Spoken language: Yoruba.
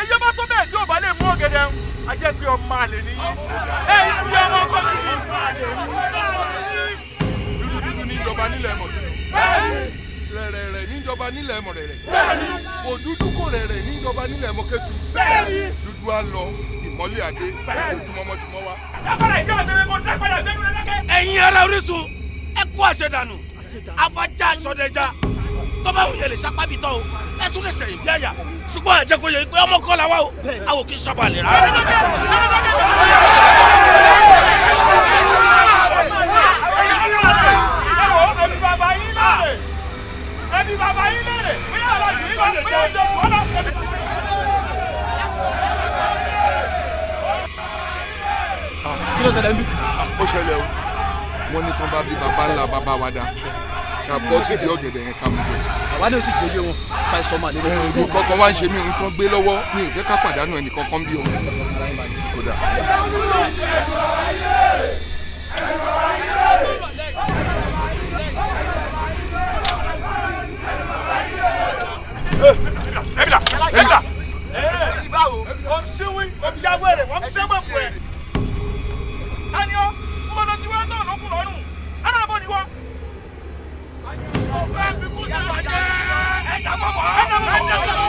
èyí bá tó bẹ́ẹ̀ tí ò bá lè mú ọ̀gẹ̀dẹ̀ ń a jẹ́ pé ọmọ àlè ní yín ẹ ìsú ọmọ ọkọ mi ní àlè mú. dúdú dúdú níjọba nílẹ̀ mọ̀ rẹ̀rẹ̀rẹ̀ níjọba nílẹ̀ mọ̀ rẹ̀rẹ̀ kò dúdú kò rẹ̀rẹ̀ níjọba nílẹ̀ mọ̀ kẹ́tù dúdú á lọ ìmọ́lẹ̀ adé ojúmọ́mọ́ ti mọ́ wa. ẹ̀yin ará Orísun ẹ kú àṣẹ dànù sọdẹjà tó bá yẹn lè sapá bi tán o ẹ tún lè sẹ̀yìn bí àyà ṣùgbọ́n ẹ jẹ́ kó yẹ pé ọmọ kọ́ la wa o a ò kí sọ́ba lè rárá. ẹbí bàbá kí ló ṣẹlẹ̀ ń bí. ó ṣẹlẹ̀ o wọ́n ní tán bá bí bàbá ńlá bàbá wa dá ká bọ́ síbi ọ̀gẹ̀dẹ̀ yẹn ká mú bọ̀. àwa náà sì jẹ́yẹ wọn pa ẹ̀sọ́ mà nínú ìlú. ìlú kọ̀ọ̀kan wá ń ṣe mí ohun tó gbé lọ́wọ́ mi ò fẹ́ ká pàdánù ẹnì kankan bí òun. kódà. ẹ̀mí là ẹ̀mí là ẹ̀mí là ẹ̀mí báwo wọ́n ń ṣẹ́wé wọ́n ń ṣẹ́wé fún ẹ. انا